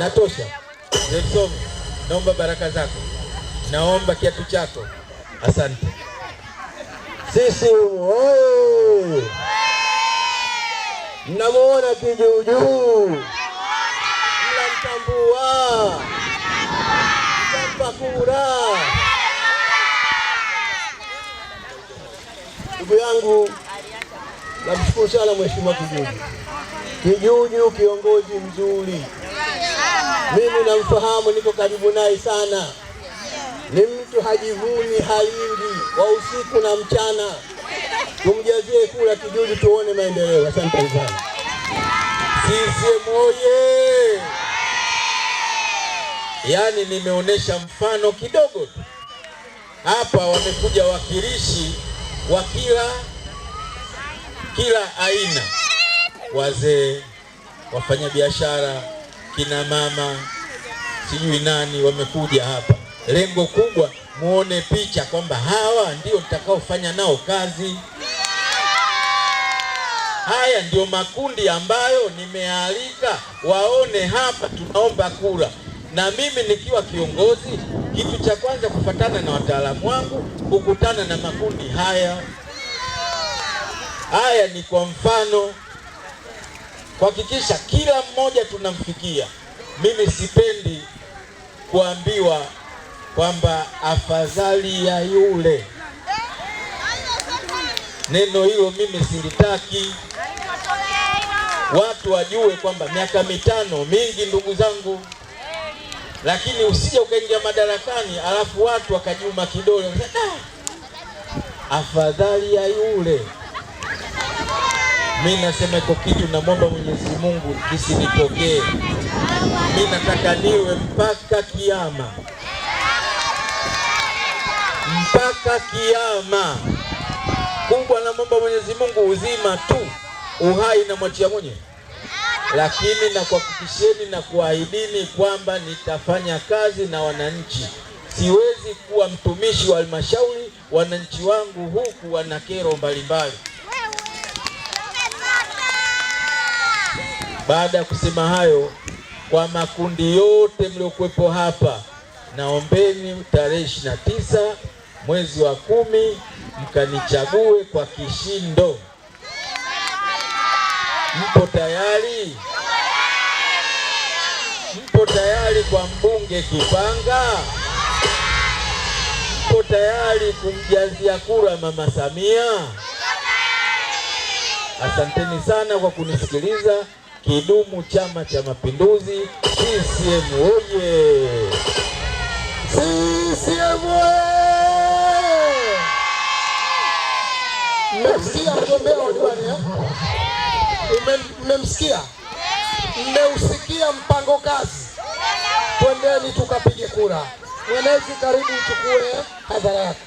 Natosha. Nelson, naomba baraka zako, naomba kiatu chako. Asante. Sisi Mnamuona kijuujuu, mnamtambua, mtampa kura. Ndugu yangu, namshukuru sana mheshimiwa Kijuju. Kijuju kiongozi mzuri, mimi namfahamu, niko karibu naye sana. Ni mtu hajivuni, haingi wa usiku na mchana. Tumjazie kula Kijuju tuone maendeleo. Asante sana. CCM oye! Yaani nimeonyesha mfano kidogo tu hapa, wamekuja wakilishi wa kila kila aina wazee, wafanyabiashara, kina mama, sijui nani wamekuja hapa. Lengo kubwa muone picha kwamba hawa ndio nitakaofanya nao kazi. Haya ndio makundi ambayo nimealika waone hapa, tunaomba kura. Na mimi nikiwa kiongozi, kitu cha kwanza kufatana na wataalamu wangu, kukutana na makundi haya. Haya ni kwa mfano kuhakikisha kila mmoja tunamfikia. Mimi sipendi kuambiwa kwamba afadhali ya yule. Neno hilo mimi silitaki. Watu wajue kwamba miaka mitano mingi, ndugu zangu, lakini usije ukaingia madarakani alafu watu wakajuma kidole, ah, afadhali ya yule. Mi nasema iko kitu namwomba Mwenyezi Mungu kisinitokee. Mi nataka niwe mpaka kiama, mpaka kiama kubwa. Namwomba Mwenyezi Mungu uzima tu, uhai namwachia mwenye, lakini nakuhakikisheni na kuahidini kwamba nitafanya kazi na wananchi. Siwezi kuwa mtumishi wa halmashauri, wananchi wangu huku wana kero mbalimbali Baada ya kusema hayo, kwa makundi yote mliokuwepo hapa, naombeni tarehe ishirini na tisa mwezi wa kumi mkanichague kwa kishindo. Mpo tayari? Mpo tayari kwa mbunge Kipanga? Mpo tayari kumjazia kura mama Samia? Asanteni sana kwa kunisikiliza. Kidumu Chama cha Mapinduzi! CCM oye! CCM Mmemsikia mgombea wa diwani? Eh? Mmemsikia? Mmeusikia mpango kazi? Twendeni tukapige kura. Mwenezi, karibu uchukue eh, hadhara yako.